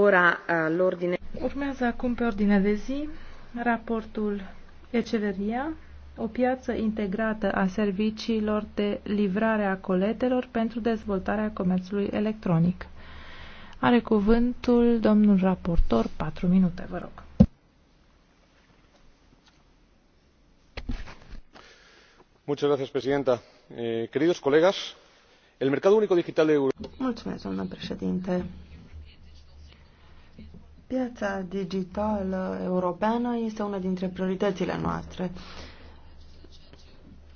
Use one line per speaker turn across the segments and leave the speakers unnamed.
Ora uh, l'ordine.
Urmează acum pe ordine de zi raportul Eceleria, o piață integrată a serviciilor de livrare a coletelor pentru dezvoltarea comerțului electronic. Are cuvântul domnul raportor, 4 minute, vă rog.
presidenta. Eh, Queridos colegas, el mercado único digital de Europa. Mulțumesc, domnule președinte. Piața digitală europeană este una dintre prioritățile noastre.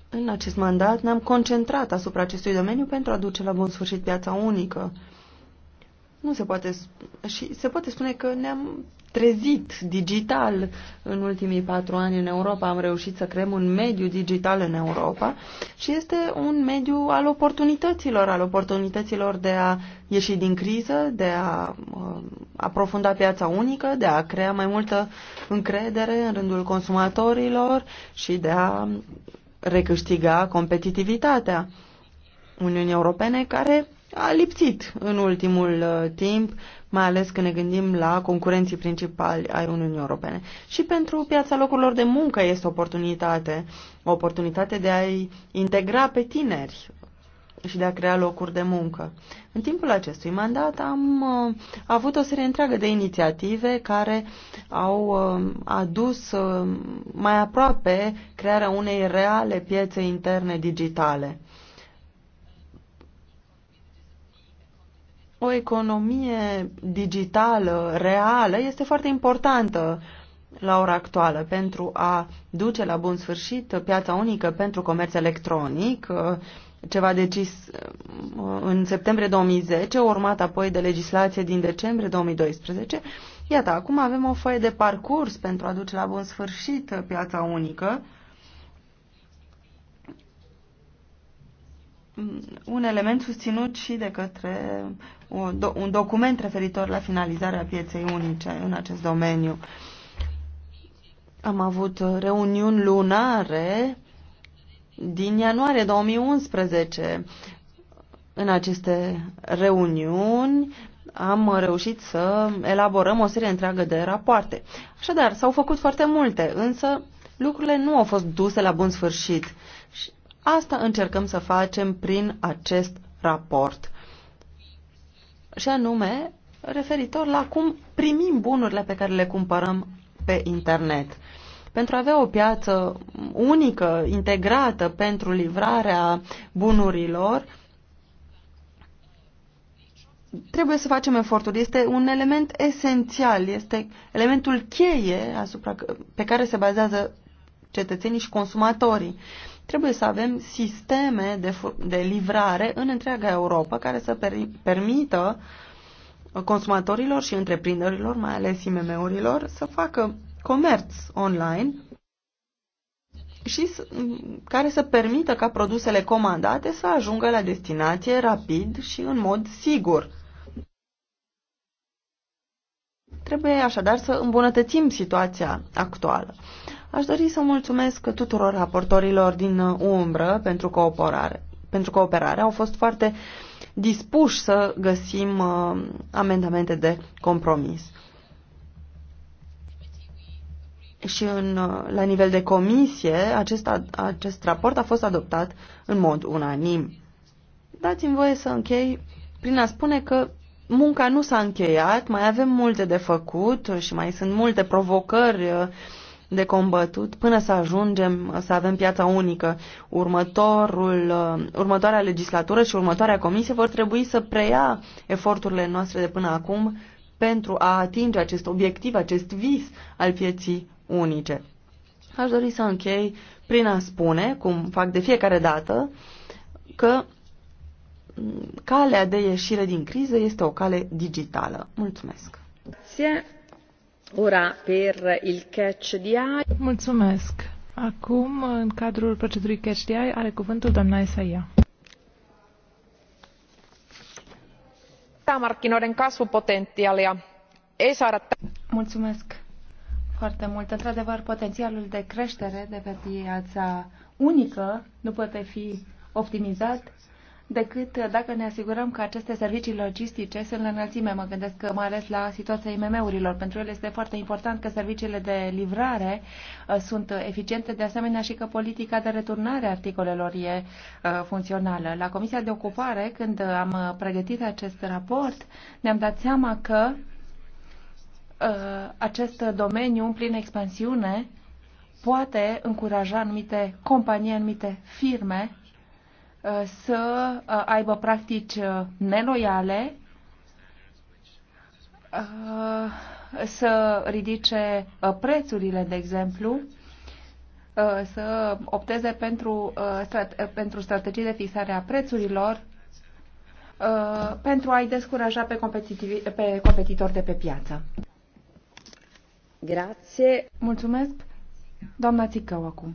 În acest mandat ne-am concentrat asupra acestui domeniu pentru a duce la bun sfârșit piața unică. Nu se poate, și se poate spune că ne-am trezit digital în ultimii patru ani în Europa. Am reușit să creăm un mediu digital în Europa și este un mediu al oportunităților, al oportunităților de a ieși din criză, de a um, aprofunda piața unică, de a crea mai multă încredere în rândul consumatorilor și de a recâștiga competitivitatea Uniunii Europene care a lipsit în ultimul uh, timp, mai ales când ne gândim la concurenții principali ai Uniunii Europene. Și pentru piața locurilor de muncă este o oportunitate, o oportunitate de a-i integra pe tineri și de a crea locuri de muncă. În timpul acestui mandat am uh, avut o serie întreagă de inițiative care au uh, adus uh, mai aproape crearea unei reale piețe interne digitale. o economie digitală, reală, este foarte importantă la ora actuală pentru a duce la bun sfârșit piața unică pentru comerț electronic, ceva decis uh, în septembrie 2010, urmat apoi de legislație din decembrie 2012. Iată, acum avem o foaie de parcurs pentru a duce la bun sfârșit piața unică, un element susținut și de către un document referitor la finalizarea pieței unice în acest domeniu. Am avut reuniuni lunare din ianuarie 2011. În aceste reuniuni am reușit să elaborăm o serie întreagă de rapoarte. Așadar, s-au făcut foarte multe, însă lucrurile nu au fost duse la bun sfârșit. Asta încercăm să facem prin acest raport. Și anume, referitor la cum primim bunurile pe care le cumpărăm pe internet. Pentru a avea o piață unică, integrată pentru livrarea bunurilor, trebuie să facem eforturi. Este un element esențial, este elementul cheie asupra, pe care se bazează cetățenii și consumatorii. Trebuie să avem sisteme de, de livrare în întreaga Europa care să per permită consumatorilor și întreprinderilor, mai ales IMM-urilor, să facă comerț online și care să permită ca produsele comandate să ajungă la destinație rapid și în mod sigur. Trebuie așadar să îmbunătățim situația actuală. Aș dori să mulțumesc tuturor raportorilor din umbră pentru cooperare. Pentru cooperare au fost foarte dispuși să găsim uh, amendamente de compromis. Și în, uh, la nivel de comisie, acest, acest raport a fost adoptat în mod unanim. Dați-mi voie să închei prin a spune că munca nu s-a încheiat, mai avem multe de făcut și mai sunt multe provocări uh, de combătut până să ajungem uh, să avem piața unică. Următorul, uh, următoarea legislatură și următoarea comisie vor trebui să preia eforturile noastre de până acum pentru a atinge acest obiectiv, acest vis al pieții unice. Aș dori să închei prin a spune, cum fac de fiecare dată, că calea de ieșire din criză este o cale digitală. Mulțumesc!
Ora per il catch di
Mulțumesc! Acum, în cadrul procedurii catch di are cuvântul doamna Isaia.
Markkinoiden kasvupotentiaalia ei saada... Mulțumesc! foarte mult. Într-adevăr, potențialul de creștere de pe piața unică nu poate fi optimizat decât dacă ne asigurăm că aceste servicii logistice sunt la înălțime. Mă gândesc că mai ales la situația IMM-urilor. Pentru ele este foarte important că serviciile de livrare uh, sunt eficiente, de asemenea și că politica de returnare a articolelor e uh, funcțională. La Comisia de Ocupare, când am uh, pregătit acest raport, ne-am dat seama că acest domeniu în plină expansiune poate încuraja anumite companii, anumite firme Uh, să uh, aibă practici uh, neloiale, să ridice prețurile, de exemplu, să opteze pentru, pentru strategii de fixare a prețurilor pentru a-i descuraja pe, pe competitori de pe piață.
Grație.
Mulțumesc. Doamna Țicău acum.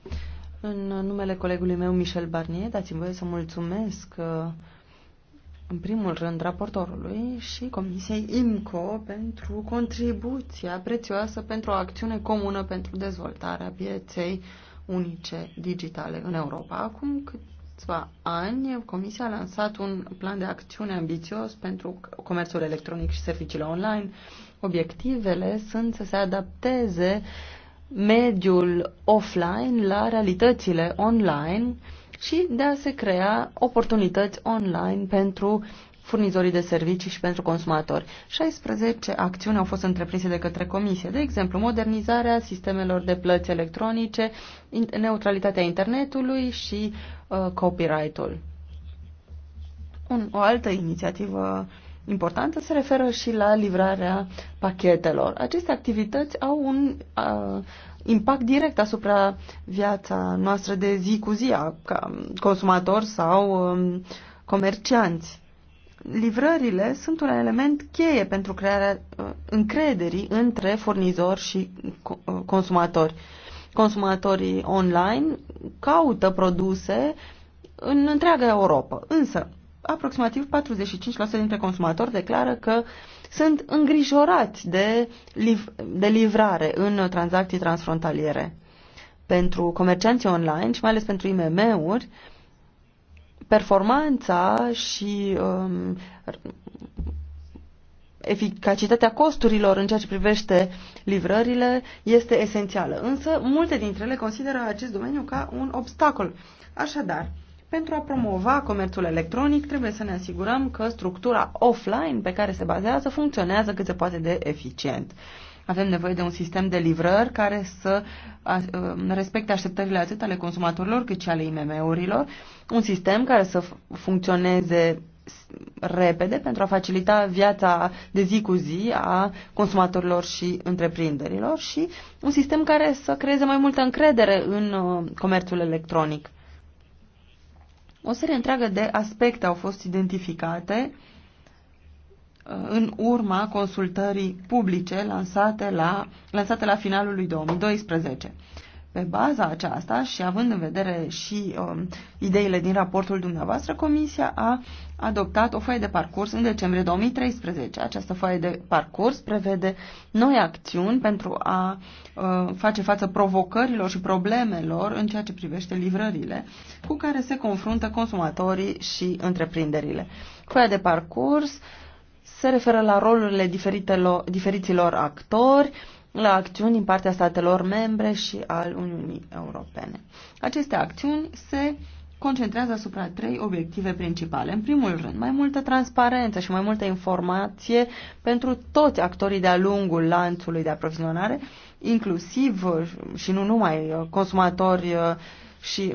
în numele colegului meu, Michel Barnier, dați-mi voie să mulțumesc uh, în primul rând raportorului și Comisiei IMCO pentru contribuția prețioasă pentru o acțiune comună pentru dezvoltarea pieței unice digitale în Europa. Acum câțiva ani, Comisia a lansat un plan de acțiune ambițios pentru comerțul electronic și serviciile online. Obiectivele sunt să se adapteze mediul offline la realitățile online și de a se crea oportunități online pentru furnizorii de servicii și pentru consumatori. 16 acțiuni au fost întreprinse de către comisie, de exemplu modernizarea sistemelor de plăți electronice, neutralitatea internetului și uh, copyright-ul. o altă inițiativă uh, importantă se referă și la livrarea pachetelor. Aceste activități au un uh, impact direct asupra viața noastră de zi cu zi, ca consumatori sau um, comercianți. Livrările sunt un element cheie pentru crearea uh, încrederii între furnizori și co uh, consumatori. Consumatorii online caută produse în întreaga Europa, însă aproximativ 45% dintre consumatori declară că sunt îngrijorați de, liv- de livrare în tranzacții transfrontaliere. Pentru comercianții online și mai ales pentru IMM-uri, performanța și um, eficacitatea costurilor în ceea ce privește livrările este esențială. Însă, multe dintre ele consideră acest domeniu ca un obstacol. Așadar, pentru a promova comerțul electronic, trebuie să ne asigurăm că structura offline pe care se bazează funcționează cât se poate de eficient. Avem nevoie de un sistem de livrări care să respecte așteptările atât ale consumatorilor cât și ale IMM-urilor, un sistem care să funcționeze repede pentru a facilita viața de zi cu zi a consumatorilor și întreprinderilor și un sistem care să creeze mai multă încredere în uh, comerțul electronic. O serie întreagă de aspecte au fost identificate uh, în urma consultării publice lansate la, lansate la finalul lui 2012. Pe baza aceasta și având în vedere și um, ideile din raportul dumneavoastră, Comisia a adoptat o foaie de parcurs în decembrie 2013. Această foaie de parcurs prevede noi acțiuni pentru a uh, face față provocărilor și problemelor în ceea ce privește livrările cu care se confruntă consumatorii și întreprinderile. Foaia de parcurs se referă la rolurile diferitelor, diferiților actori, la acțiuni din partea statelor membre și al Uniunii Europene. Aceste acțiuni se concentrează asupra trei obiective principale. În primul rând, mai multă transparență și mai multă informație pentru toți actorii de-a lungul lanțului de aprovizionare, inclusiv și nu numai consumatori și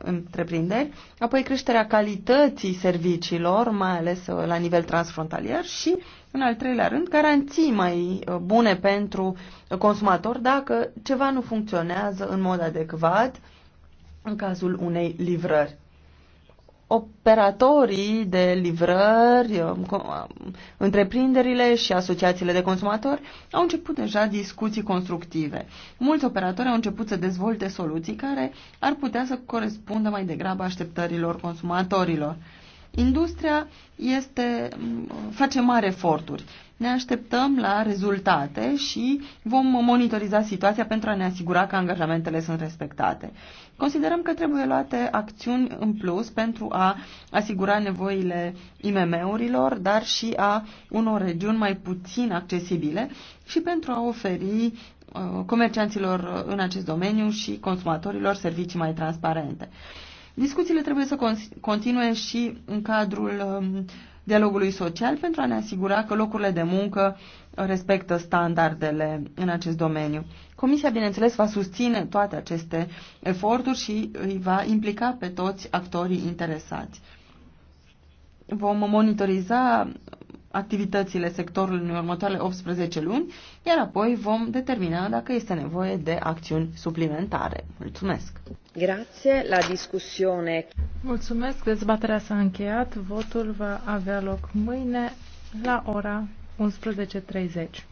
întreprinderi, apoi creșterea calității serviciilor, mai ales uh, la nivel transfrontalier și, în al treilea rând, garanții mai uh, bune pentru consumator dacă ceva nu funcționează în mod adecvat în cazul unei livrări operatorii de livrări, um, um, întreprinderile și asociațiile de consumatori au început deja discuții constructive. Mulți operatori au început să dezvolte soluții care ar putea să corespundă mai degrabă așteptărilor consumatorilor. Industria este, mm, face mari eforturi. Ne așteptăm la rezultate și vom monitoriza situația pentru a ne asigura că angajamentele sunt respectate. Considerăm că trebuie luate acțiuni în plus pentru a asigura nevoile IMM-urilor, dar și a unor regiuni mai puțin accesibile și pentru a oferi uh, comercianților în acest domeniu și consumatorilor servicii mai transparente. Discuțiile trebuie să continue și în cadrul um, dialogului social pentru a ne asigura că locurile de muncă respectă standardele în acest domeniu. Comisia, bineînțeles, va susține toate aceste eforturi și îi va implica pe toți actorii interesați. Vom monitoriza activitățile sectorului în următoarele 18 luni, iar apoi vom determina dacă este nevoie de acțiuni suplimentare. Mulțumesc!
Grație la discuție.
Mulțumesc, dezbaterea s-a încheiat, votul va avea loc mâine la ora 11.30.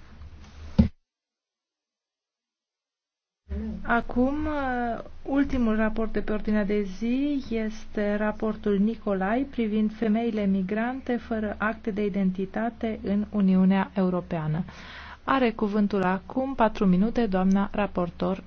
Acum, uh, ultimul raport de pe ordinea de zi este raportul Nicolai privind femeile migrante fără acte de identitate în Uniunea Europeană. Are cuvântul acum patru minute doamna raportor